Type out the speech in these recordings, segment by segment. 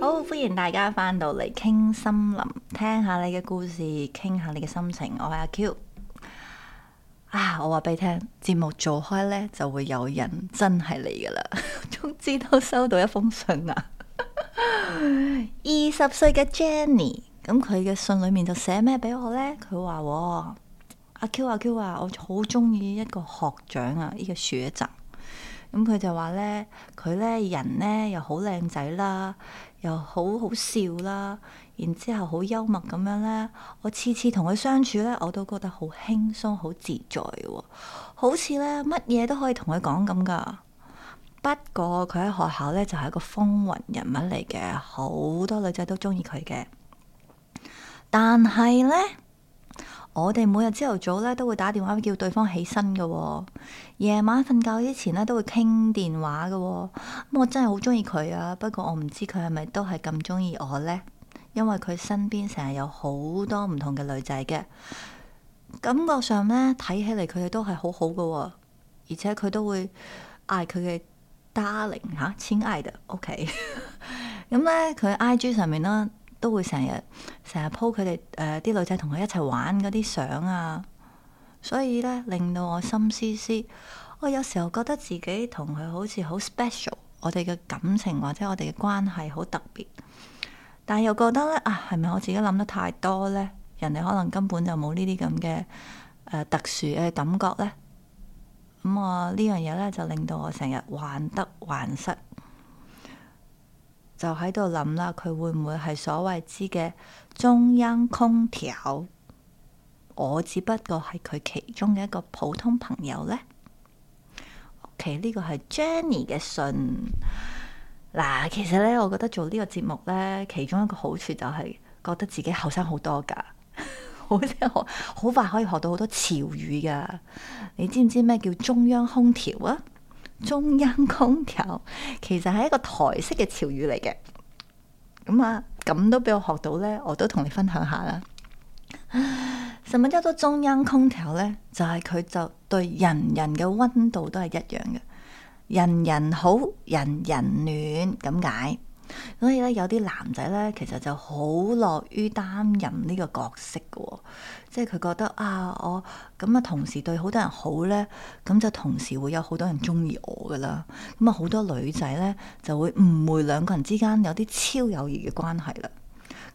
好，歡迎大家返到嚟傾森林，聽下你嘅故事，傾下你嘅心情。我係阿 Q 啊，我話俾你聽，節目做開呢就會有人真係嚟噶啦。終 之都收到一封信啊！二十歲嘅 Jenny，咁佢嘅信裏面就寫咩俾我呢？佢話。阿 Q 阿 Q 啊，我好中意一個學長啊！個嗯、呢個樹一陣，咁佢就話咧，佢咧人咧又好靚仔啦，又好好笑啦，然之後好幽默咁樣咧，我次次同佢相處咧，我都覺得好輕鬆、哦，好自在嘅，好似咧乜嘢都可以同佢講咁噶。不過佢喺學校咧就係、是、一個風雲人物嚟嘅，好多女仔都中意佢嘅。但係咧。我哋每日朝頭早咧都會打電話叫對方起身嘅、哦，夜晚瞓覺之前咧都會傾電話嘅、哦。咁我真係好中意佢啊，不過我唔知佢係咪都係咁中意我呢？因為佢身邊成日有好多唔同嘅女仔嘅。感覺上呢，睇起嚟佢哋都係好好嘅、哦，而且佢都會嗌佢嘅 darling 吓、啊、親愛的。OK，咁 呢，佢 IG 上面啦。都會成日成日 po 佢哋誒啲女仔同佢一齊玩嗰啲相啊，所以咧令到我心思思，我有時候覺得自己同佢好似好 special，我哋嘅感情或者我哋嘅關係好特別，但係又覺得咧啊，係咪我自己諗得太多呢？人哋可能根本就冇呢啲咁嘅特殊嘅感覺呢。咁、嗯、我、啊、呢樣嘢咧就令到我成日患得患失。就喺度諗啦，佢會唔會係所謂之嘅中央空調？我只不過係佢其中嘅一個普通朋友呢。OK，呢個係 Jenny 嘅信。嗱，其實呢，我覺得做呢個節目呢，其中一個好處就係覺得自己後生好多噶，好 好快可以學到好多潮語噶。你知唔知咩叫中央空調啊？中央空調其實係一個台式嘅潮語嚟嘅，咁啊咁都俾我學到咧，我都同你分享下啦。什乜嘢叫做中央空調咧？就係、是、佢就對人人嘅溫度都係一樣嘅，人人好，人人暖，咁解。所以咧，有啲男仔咧，其實就好樂於擔任呢個角色嘅喎、哦，即係佢覺得啊，我咁啊、嗯，同時對好多人好咧，咁、嗯、就同時會有好多人中意我噶啦。咁、嗯、啊，好多女仔咧就會誤會兩個人之間有啲超友誼嘅關係啦。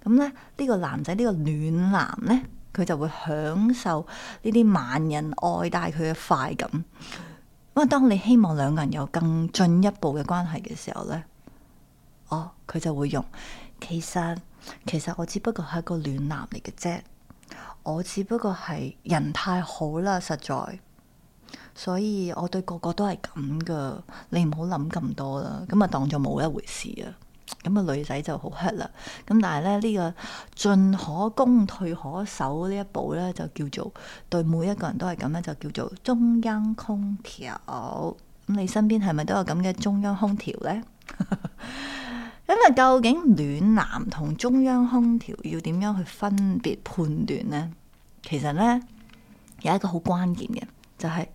咁、嗯、咧，呢、呢個男仔呢、呢個暖男咧，佢就會享受呢啲萬人愛戴佢嘅快感。因、嗯、為當你希望兩個人有更進一步嘅關係嘅時候咧，哦，佢、oh, 就會用。其實其實我只不過係一個暖男嚟嘅啫，我只不過係人太好啦，實在，所以我對個個都係咁噶。你唔好諗咁多啦，咁啊當咗冇一回事啊。咁、那、啊、個、女仔就好黑啦。咁但係咧呢、這個進可攻退可守呢一步咧，就叫做對每一個人都係咁咧，就叫做中央空調。咁你身邊係咪都有咁嘅中央空調呢？ 究竟暖男同中央空調要點樣去分別判斷呢？其實呢，有一個好關鍵嘅就係、是。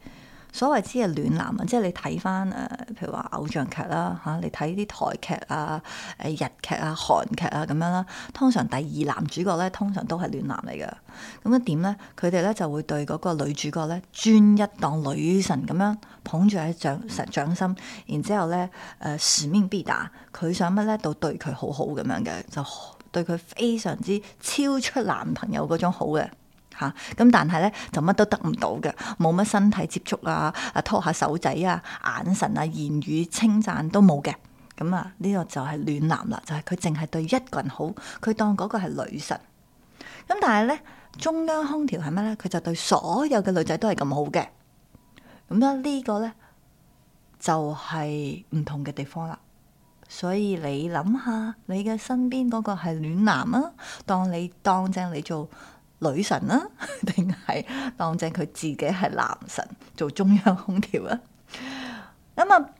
所謂之係暖男啊，即係你睇翻誒，譬如話偶像劇啦嚇、啊，你睇啲台劇啊、誒日劇啊、韓劇啊咁樣啦，通常第二男主角咧，通常都係暖男嚟嘅。咁樣點咧？佢哋咧就會對嗰個女主角咧，專一當女神咁樣捧住喺掌掌心。然之後咧，誒使命必達，佢想乜咧都對佢好好咁樣嘅，就對佢非常之超出男朋友嗰種好嘅。吓咁、啊，但係咧就乜都得唔到嘅，冇乜身體接觸啊，啊拖下手仔啊，眼神啊，言語稱讚都冇嘅。咁啊，呢個就係暖男啦，就係佢淨係對一個人好，佢當嗰個係女神。咁、啊、但係咧，中央空調係乜咧？佢就對所有嘅女仔都係咁好嘅。咁、啊、樣、這個、呢個咧就係、是、唔同嘅地方啦。所以你諗下，你嘅身邊嗰個係暖男啊？當你當正你做，女神啦、啊，定係當正佢自己係男神做中央空調啊？咁 啊，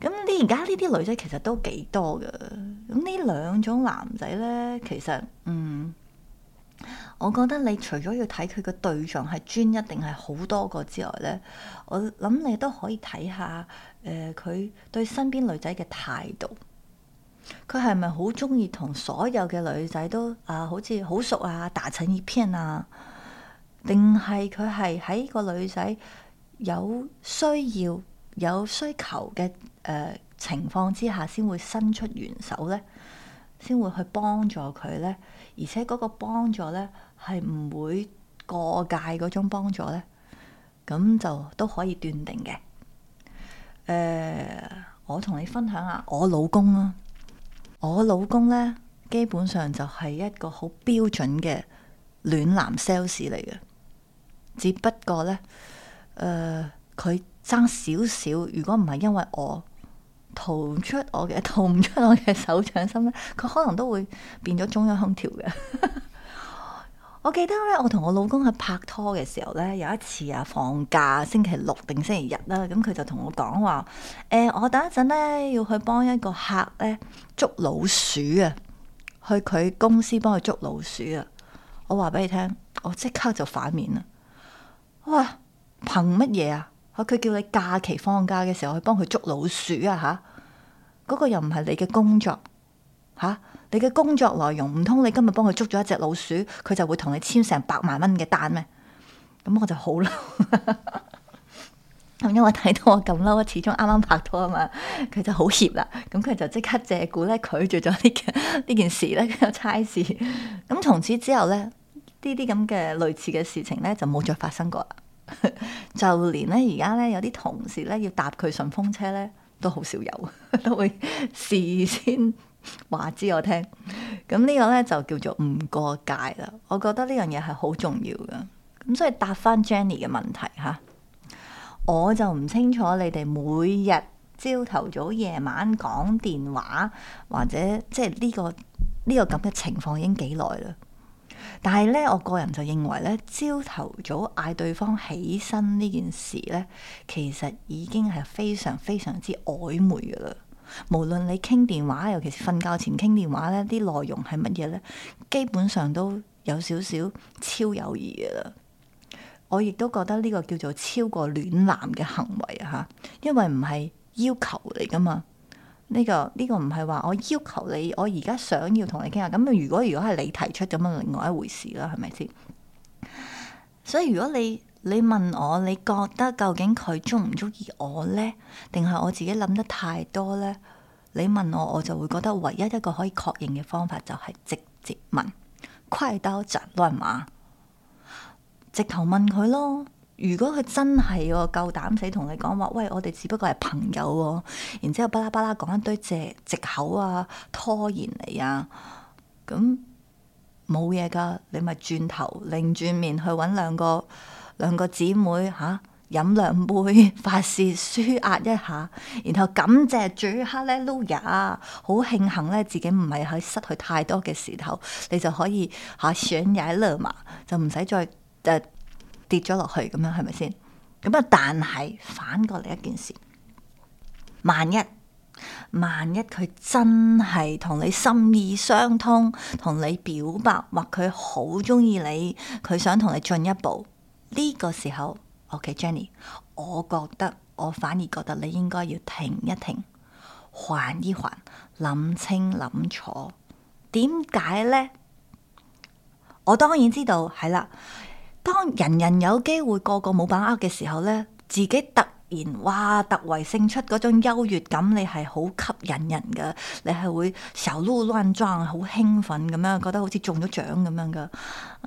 咁你而家呢啲女仔其實都幾多噶。咁呢兩種男仔咧，其實嗯，我覺得你除咗要睇佢嘅對象係專一定係好多個之外咧，我諗你都可以睇下誒，佢、呃、對身邊女仔嘅態度。佢係咪好中意，同所有嘅女仔都啊，好似好熟啊、打成一片啊？定係佢係喺個女仔有需要、有需求嘅、誒、呃、情況之下，先會伸出援手呢？先會去幫助佢呢？而且嗰個幫助呢，係唔會過界嗰種幫助呢？咁就都可以斷定嘅。誒、呃，我同你分享下我老公啦、啊。我老公咧，基本上就係一個好標準嘅暖男 sales 嚟嘅，只不過咧，誒、呃，佢爭少少，如果唔係因為我逃出我嘅逃唔出我嘅手掌心咧，佢可能都會變咗中央空調嘅。 我記得咧，我同我老公喺拍拖嘅時候咧，有一次啊，放假星期六定星期日啦，啊、咁、嗯、佢就同我講話，誒、欸，我等一陣咧要去幫一個客咧捉老鼠啊，去佢公司幫佢捉老鼠啊。我話俾你聽，我即刻就反面啦。哇，話憑乜嘢啊？佢叫你假期放假嘅時候去幫佢捉老鼠啊？吓，嗰，那個又唔係你嘅工作吓。你嘅工作內容，唔通你今日幫佢捉咗一隻老鼠，佢就會同你簽成百萬蚊嘅單咩？咁我就好嬲。咁因為睇到我咁嬲，始終啱啱拍拖啊嘛，佢就好怯啦。咁佢就即刻借故咧拒絕咗呢件呢件事咧個差事。咁 從此之後咧，呢啲咁嘅類似嘅事情咧就冇再發生過啦。 就連咧而家咧有啲同事咧要搭佢順風車咧，都好少有， 都會事先。話知我聽，咁呢個咧就叫做唔過界啦。我覺得呢樣嘢係好重要噶。咁所以答翻 Jenny 嘅問題吓，我就唔清楚你哋每日朝頭早夜晚講電話或者即係呢個呢個咁嘅情況已經幾耐啦。但係咧，我個人就認為咧，朝頭早嗌對方起身呢件事咧，其實已經係非常非常之曖昧噶啦。無論你傾電話，尤其是瞓覺前傾電話咧，啲內容係乜嘢咧？基本上都有少少超友誼嘅啦。我亦都覺得呢個叫做超過暖男嘅行為吓，因為唔係要求嚟噶嘛。呢個呢個唔係話我要求你，我而家想要同你傾下。咁如果如果係你提出咁樣，另外一回事啦，係咪先？所以如果你，你問我，你覺得究竟佢鍾唔鍾意我呢？定係我自己諗得太多呢？你問我，我就會覺得唯一一個可以確認嘅方法就係直接問，快刀斬亂麻，係嘛？直頭問佢咯。如果佢真係喎夠膽死，同你講話，喂，我哋只不過係朋友喎。然之後巴拉巴拉講一堆借藉口啊、拖延嚟啊，咁冇嘢㗎。你咪轉頭，另轉面去揾兩個。兩個姊妹吓飲、啊、兩杯，發洩舒壓一下，然後感謝最哈咧 l o s e 好慶幸咧自己唔係喺失去太多嘅時候，你就可以吓上也兩碼，就唔使再誒跌咗落去咁樣，係咪先？咁啊，但係反過嚟一件事，萬一萬一佢真係同你心意相通，同你表白，或佢好中意你，佢想同你進一步。呢個時候，OK，Jenny，okay，我覺得我反而覺得你應該要停一停，緩一緩，諗清諗楚。點解呢？我當然知道，係啦。當人人有機會，個個冇把握嘅時候呢，自己特。然哇，突圍勝出嗰種優越感，你係好吸引人噶。你係會小鹿亂撞，好興奮咁樣，覺得好似中咗獎咁樣噶。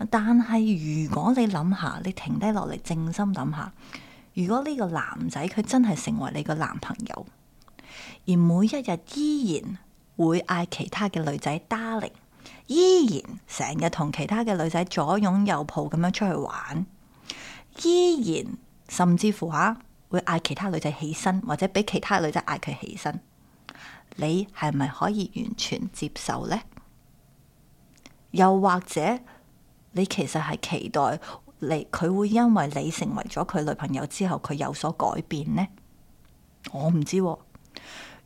但係如果你諗下，你停低落嚟靜心諗下，如果呢個男仔佢真係成為你個男朋友，而每一日依然會嗌其他嘅女仔 darling，依然成日同其他嘅女仔左擁右抱咁樣出去玩，依然甚至乎吓，會嗌其他女仔起身，或者俾其他女仔嗌佢起身，你係咪可以完全接受呢？又或者你其實係期待你佢會因為你成為咗佢女朋友之後佢有所改變呢？我唔知啊。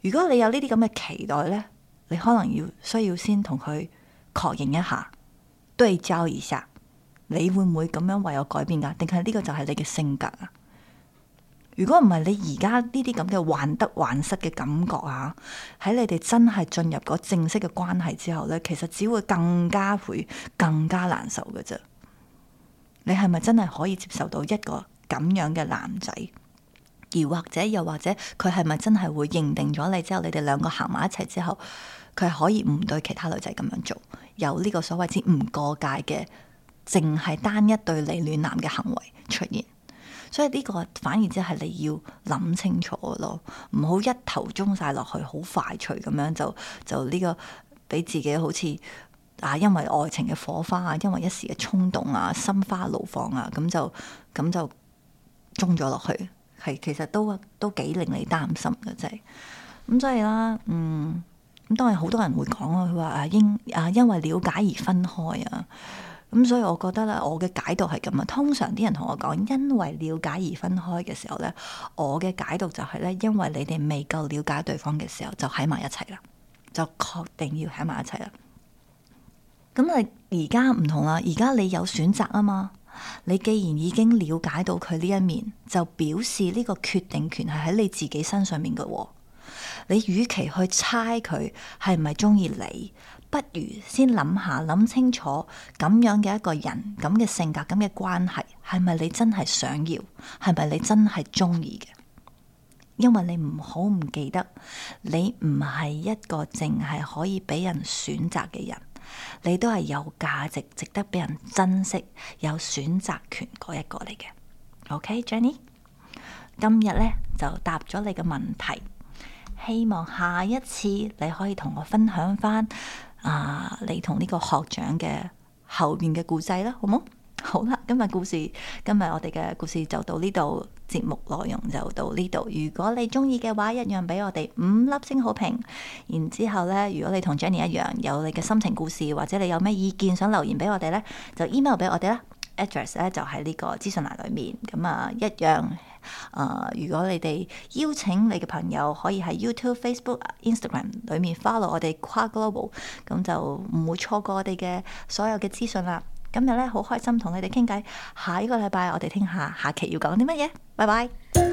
如果你有呢啲咁嘅期待呢，你可能要需要先同佢確認一下，對焦一下，你會唔會咁樣為我改變噶？定係呢個就係你嘅性格啊？如果唔係你而家呢啲咁嘅患得患失嘅感覺啊，喺你哋真係進入個正式嘅關係之後呢，其實只會更加會更加難受嘅啫。你係咪真係可以接受到一個咁樣嘅男仔？而或者又或者佢係咪真係會認定咗你之後，你哋兩個行埋一齊之後，佢可以唔對其他女仔咁樣做，有呢個所謂之唔過界嘅，淨係單一對你暖男嘅行為出現？所以呢個反而即係你要諗清楚咯，唔好一頭中晒落去，好快脆咁樣就就呢個俾自己好似啊，因為愛情嘅火花啊，因為一時嘅衝動啊，心花怒放啊，咁就咁就中咗落去，係其實都都幾令你擔心嘅，真係。咁所以啦，嗯，咁當然好多人會講咯，佢話啊，因啊因為了解而分開啊。咁所以，我覺得咧，我嘅解讀係咁啊。通常啲人同我講，因為了解而分開嘅時候咧，我嘅解讀就係咧，因為你哋未夠了解對方嘅時候就，就喺埋一齊啦，就確定要喺埋一齊啦。咁啊，而家唔同啦，而家你有選擇啊嘛。你既然已經了解到佢呢一面，就表示呢個決定權係喺你自己身上面嘅。你與其去猜佢係唔係中意你。不如先諗下，諗清楚咁樣嘅一個人，咁嘅性格，咁嘅關係，係咪你真係想要？係咪你真係中意嘅？因為你唔好唔記得，你唔係一個淨係可以俾人選擇嘅人，你都係有價值、值得俾人珍惜、有選擇權嗰一個嚟嘅。OK，Jenny，okay, 今日呢就答咗你嘅問題，希望下一次你可以同我分享翻，啊！你同呢個學長嘅後面嘅故仔啦，好冇？好啦，今日故事，今日我哋嘅故事就到呢度，節目內容就到呢度。如果你中意嘅話，一樣俾我哋五粒星好評。然之後咧，如果你同 Jenny 一樣有你嘅心情故事，或者你有咩意見想留言俾我哋咧，就 email 俾我哋啦。address 咧就喺呢個資訊欄裏面。咁啊，一樣。啊、呃！如果你哋邀請你嘅朋友，可以喺 YouTube、Facebook、Instagram 裏面 follow 我哋 KUA Global，咁就唔會錯過我哋嘅所有嘅資訊啦。今日咧好開心同你哋傾偈，下一個禮拜我哋聽下下期要講啲乜嘢。拜拜。